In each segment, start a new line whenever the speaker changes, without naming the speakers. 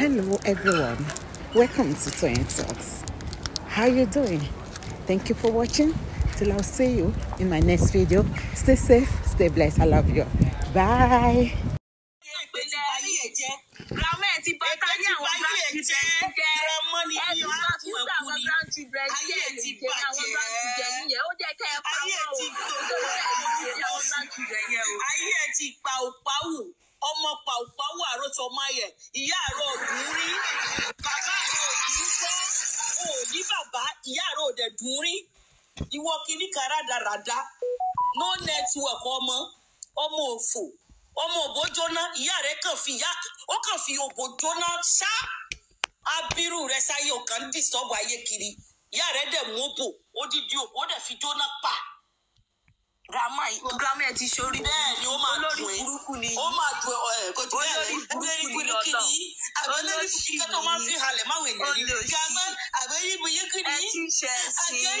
Hello everyone. Welcome to Toyeen Talks. How you doing? Thank you for watching. Till I'll see you in my next video. Stay safe, stay blessed. I love you. Bye. ayé ẹ ti pa o ò ní bàbá ìyá rẹ ò dẹ̀ dùn rí ìwọ kìíní kan rádaràda no network ọmọ ọmọ òfò ọmọ òbò jóná ìyá rẹ kàn fi ìyá ó kàn fi òbò jóná ṣá abirú rẹ sáyé ọkàn dìsọ́bù ayé kiri ìyá rẹ dẹ̀ mú òbò odidi òbò ó dẹ̀ fi jóná pa grandma grandma ẹ ti sori bẹ́ẹ̀ ni ó máa dùn ẹ burúkú ni ó máa dùn ẹ kò tí bẹ́ẹ̀ ni olórí burúkú ni àbẹlẹrí burúkú tó máa fi halẹ̀ máa wẹ nìyí grandma àbẹlẹrí burúkú ni ẹ ti ṣe sí ẹ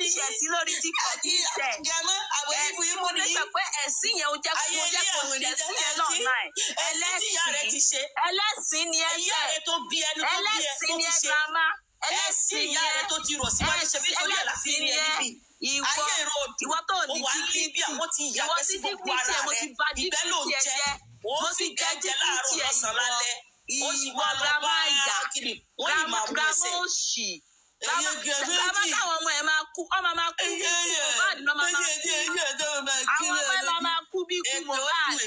ti ṣe sí lórí tí kò tí ì tẹ grandma àbẹlẹrí burúkú ni ẹsìn mo pé ẹsìn yẹn ó jẹ kó jẹ kó ṣe sí ẹ náà náà ẹlẹ́sìn ẹlẹ́sìn ni ẹsẹ ẹlẹ́sìn ni ẹ grandma ẹlẹ́sìn ìyá rẹ tó ti rọ̀ síwájú ṣe bí torí ẹ̀ láti rí ẹ níbí ìwọ ìwọ tó ní dígítì ìwọ tí dígítì ẹ mo ti bà dígítì ẹ jẹ́ mo ti jẹ dígítì ẹ ìwọ ìwọ làwọn àyà làwọn òṣì ẹyẹ gẹ méjì bàbá táwọn ọmọ ẹ máa kú ọmọ máa kú bí ikú mohbad lọmọ máa kú àwọn ọmọ ẹ máa máa kú bí ikú mohbad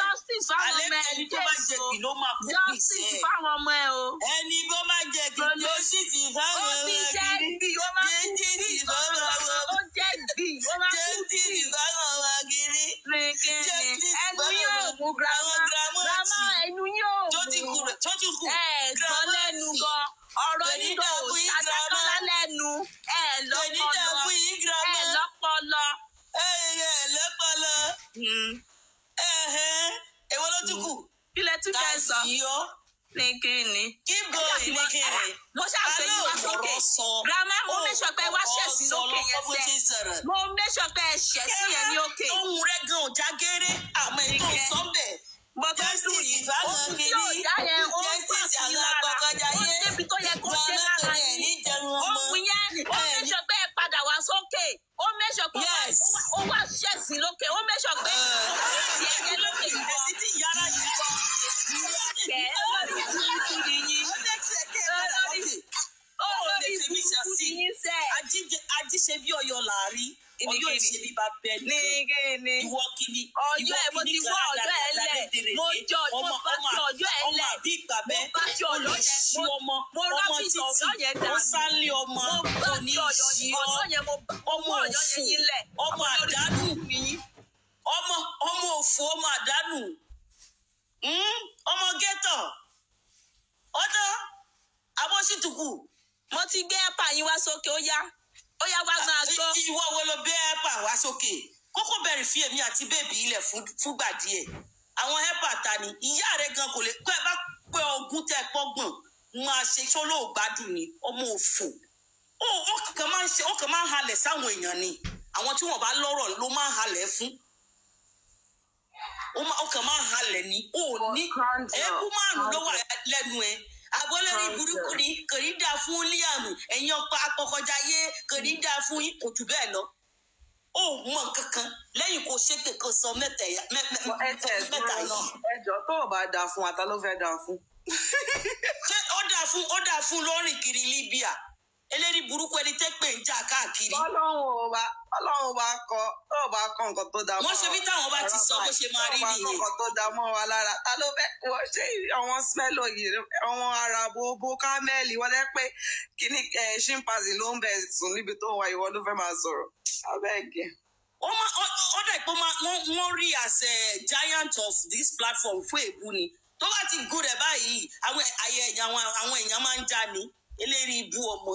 justice fáwọn ọmọ ẹ ní kéèsì o justice fáwọn ọmọ ẹ o. ẹni bó má jẹ kí ló sì ti fáwọn ọmọ ẹ kiri jẹjì fáwọn ọmọ ó jẹ bí ó máa kú bí jẹjì fáwọn ọmọ kiri jẹjì fáwọn ọmọ àwọn gírámọ ẹnu yóò mú gírámọ ẹnu yóò mú tó ti kú ẹ gbọ́. ní kíni. keep going ní kíni. mo ṣàgbé yín wá sókè grandma mo oh, mẹ́sọ̀ pé wá ṣẹ̀ sí lókè yẹn sẹ́ mo mẹ́sọ̀ pé ẹ ṣẹ̀ sí yẹn ní òkè. ohun rẹ gan ọjà géré àmọ́ ètò ìsọmbẹ. bọ́tọ́ dùn yìí ó tún tí ò dá yẹn ó ń pàṣẹ lára ó débi tó yẹ kó ṣe lára yẹn. ti yín sẹ. ajíṣe bí ọyọ làárí ọyọ ìṣèlú bá bẹ ní ìwọ kìíní. ọjọ́ ẹ mo ti wọ ọjọ́ ẹ lẹ mo jọ mo bá ti ọjọ́ ẹ lẹ mo bá ti ọjọ́ yẹn mo mo rábì ọjọ́ yẹn dà mí. ó sálé ọmọ kò ní ìṣí ọ ọmọ òfò ọmọ àdánù ọmọ ọmọ òfò ọmọ àdánù hmm? ọmọ gẹ́tọ̀ ọjọ́ abọ́sítùkù mo ti gbé ẹ̀pà yín wá sókè ó yá ó yá wá máa ah, sọ. ìwọ wo ló gbé ẹ̀pà wá sókè kókó bẹ̀rẹ̀ fi èmi àti bébì ilẹ̀ fúngbà díẹ̀ àwọn ẹ̀pà ta ni ìyá rẹ̀ gan kò lè pẹ́ bá pé ogún tẹ́ pọ́gbọ̀n máa ṣe sọ́lọ́ ògbádùn ni ọmọ òfò ó kàn máa ń ṣe ó kàn máa ń halẹ̀ sáwọn èèyàn ni àwọn tí wọ́n bá lọ́rọ̀ ló máa ń halẹ̀ fún ó kàn máa ń halẹ̀ ni ó ní ẹ̀kú márùn-ún ló lẹ́nu ẹ̀ abọ́lẹ́rì burúkú ni kò ní dáa fún Liam ẹ̀yin ọkọ̀ apọkọjáyé kò ní dáa fún yín kò jù bẹ́ẹ̀ lọ ó mọ kankan lẹ́yìn kó ṣépè kan sọ mẹ́ta yìí. ẹjọ́ tó o bá dáa fún ata ló fẹ́ dáa fún. ṣé ó dáa fún ó dáa fún lọ́rìn kiri Libya eléyìí burúkú ẹni tẹ́ pé ń jà káàkiri. ọlọ́run ò bá ọlọ́run bá kọ tó o bá kọ nǹkan tó dá mọ́ wa. wọ́n ṣe bí táwọn bá ti sọ bó ṣe máa rí nìyẹn. tó o bá kọ nǹkan tó dá mọ́ wa lára ta ló fẹ́ wọ́n ṣe àwọn smẹ́lò yìí àwọn ara bobo kámẹ́lì wọ́n lẹ́ pé kíní ṣimpanzee ló ń bẹ̀ sùn níbi tó wà ìwọ ló fẹ́ máa sọ̀rọ̀ abẹ́ẹ̀gẹ́ ó má ó dẹ̀ pé wọ́n rí as giant of this platform fún èbú ni tó bá ti gùn rẹ̀ báyìí àwọn ẹ̀yà àwọn èèyàn máa ń já ni eléyìí ibú ọmọ.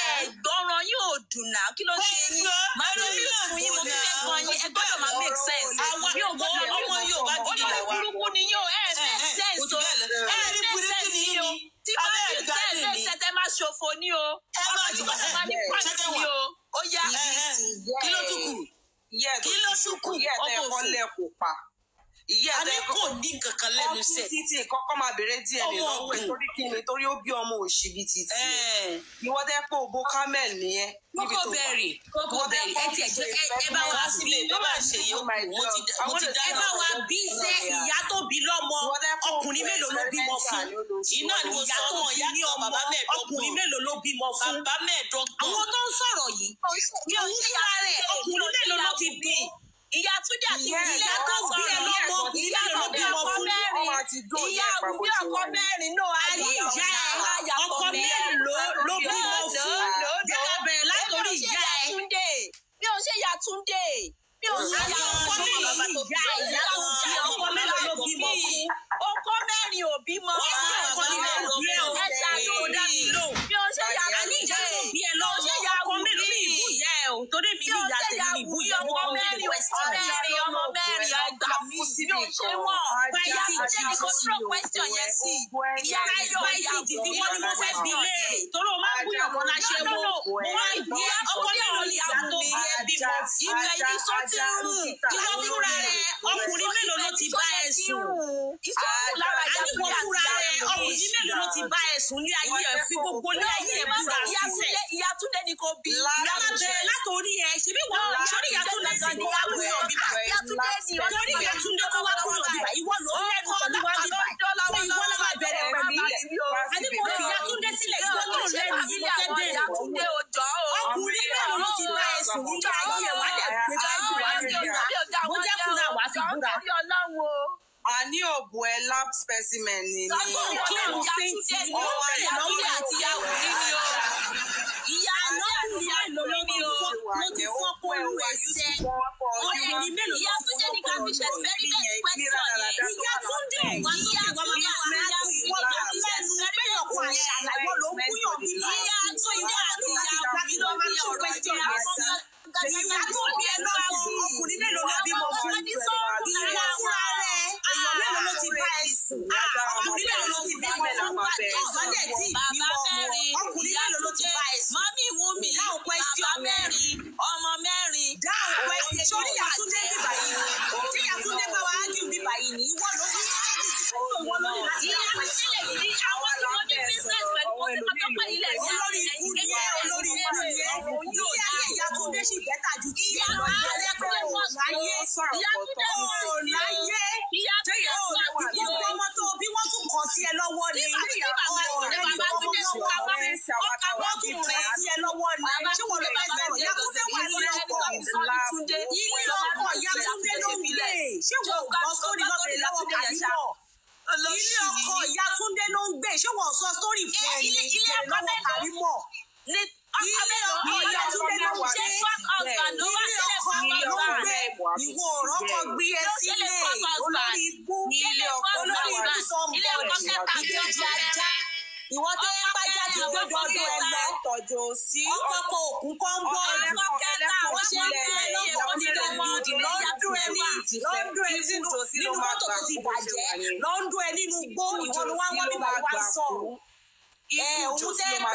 ẹ̀gbọ́ràn yóò dùn náà kí ló ṣe yín máa ní mi yín mo fi fẹ́ gan yín ẹ gbọ́dọ̀ máa make sense mi ò gbọ́dọ̀ ọmọ yóò bá jù lọ wa burúkú ni yóò ẹ make sense o ẹ make sense ni o tí bá mi tẹ̀lé ṣẹ̀tẹ̀ máa ṣòfò ni o ọ̀rọ̀ tí wọ́n ní pàṣẹ o ó yá kí ló tún kù kí ló tún kù ọkọ̀ òfin ìyá àgbà kò ní kankan lẹ́nu sẹ. ọkùnrin títí kọ́kọ́ máa bèrè DNA lọ́wọ́ ẹ̀ torí kí ni torí ó bí ọmọ òṣìbí títí. ìwọ́n tẹ́ pé òbó camel nìyẹn. kókó bẹ̀rì kókó bẹ̀rì ẹ tiẹ̀ jẹ́ ẹ bá wa sílé ẹ bá ṣe yòókù mo ti dáná. ẹ bá wa oh bí sẹ ìyá tó bí lọ́mọ ọkùnrin mélòó ló bímọ fún. iná ni mo sọ ọmọ ìyá tó bàbá mẹ́ẹ̀dọ́gbọ̀n ọkùnrin mélòó ló bímọ fún. bàbá mẹ́ẹ̀dọ́gbọ̀n àwọn tó ń sọ̀rọ̀ yìí ìyá Túndé àti ìyá tó bí ẹ lọ́mọ ìyá tó bí ọkọ mẹ́rin ìyá bí ọkọ mẹ́rin náà àní ìyá ẹ ọkọ mẹ́rin ló ló bímọ fún jẹ́ka bẹ̀rẹ̀ látòrí ìyá ẹ. mi ò ṣe ìyá Túndé mi ò ṣe ìyá ọkọ mẹ́rin ìyá ìyá tó bí ọkọ mẹ́rin ló bímọ fún ọkọ mẹ́rin ò bímọ. ọkọ mẹ́rin ò bímọ ẹ ṣàlùmí mi ò ṣe ìyá Túndé. mẹ́rin ọmọ mẹ́rin ọgbà mi ní òṣè wọn pẹ̀lú ìjẹ́ ní control question yẹn sí ìyá ayọ̀ ìyá ìdìdí wọn ni mo fẹ́ bi léèrè torí o máa ń gbìyànjú ọ̀nà ṣe mo máa ń gbé ìyẹn bímọ ilẹ̀ ibi tó ti ń rùn ìwọ fúnra rẹ ọkùnrin mélòó ló ti bá ẹ sùn àníwọ fúnra rẹ ọkùnrin mélòó ló ti bá ẹ sùn ní ayé ẹ fi gbogbo ní ayé ẹ búra sísẹ. ìyàtúndé ni kò bí. lábẹ látòrí ẹ ṣebí wọn sọrí ìyàtúndé ti kó wá kúrò bíbá. ìyàtúndé ni ọjọ́ ìyàtúndé kó wá kúrò nílé ayé ẹ̀ wá dẹ̀ gbé báyìí wá dẹ̀ gbéra bó jẹ́ kúrò àwa fi búra. a ní òbò ẹ lab specimen ni mi. sọ́kùnrin kírun sí ti ọwọ́ ìyàwó àti ìyàwó nínú o. ìyá ọlọ́kùnrin mélòó ló ti fọ́ ló ti fọ́ kóró ẹsẹ̀. ọ̀rẹ́ ni mélòó ló ti fọ́ kóró ẹsẹ̀. ìyá ní ká fi 你万手机。béèrè ṣé wọ́n sọ sórí fún ẹ ní ìbẹ̀rẹ̀ lọ́wọ́ kàrímọ̀ ilé ọkọ ilé túnde ló wà ní ilé ọkọ ló ń gbé ìwọ ọ̀rọ̀ kọ gbé ẹ sílẹ̀ olórí ibú olórí ibú sọmọ ìkejì ajá ìwọ tó yẹ pàjá ti gbẹdọdọ ẹ lọ tọjọ sí ọkọ òkun kọńgọ ọkọ kẹta wọn ṣe ń gbé lọkọ nílẹ mọdì lọńdún ẹ ní ìdí lọńdún ẹ nínú nínú mọ́tò tó ti bàjẹ́ lọńdún ẹ nínú gbó ìwọ ni wọn wọn ní bàbá sọ ẹ òun tẹ ẹ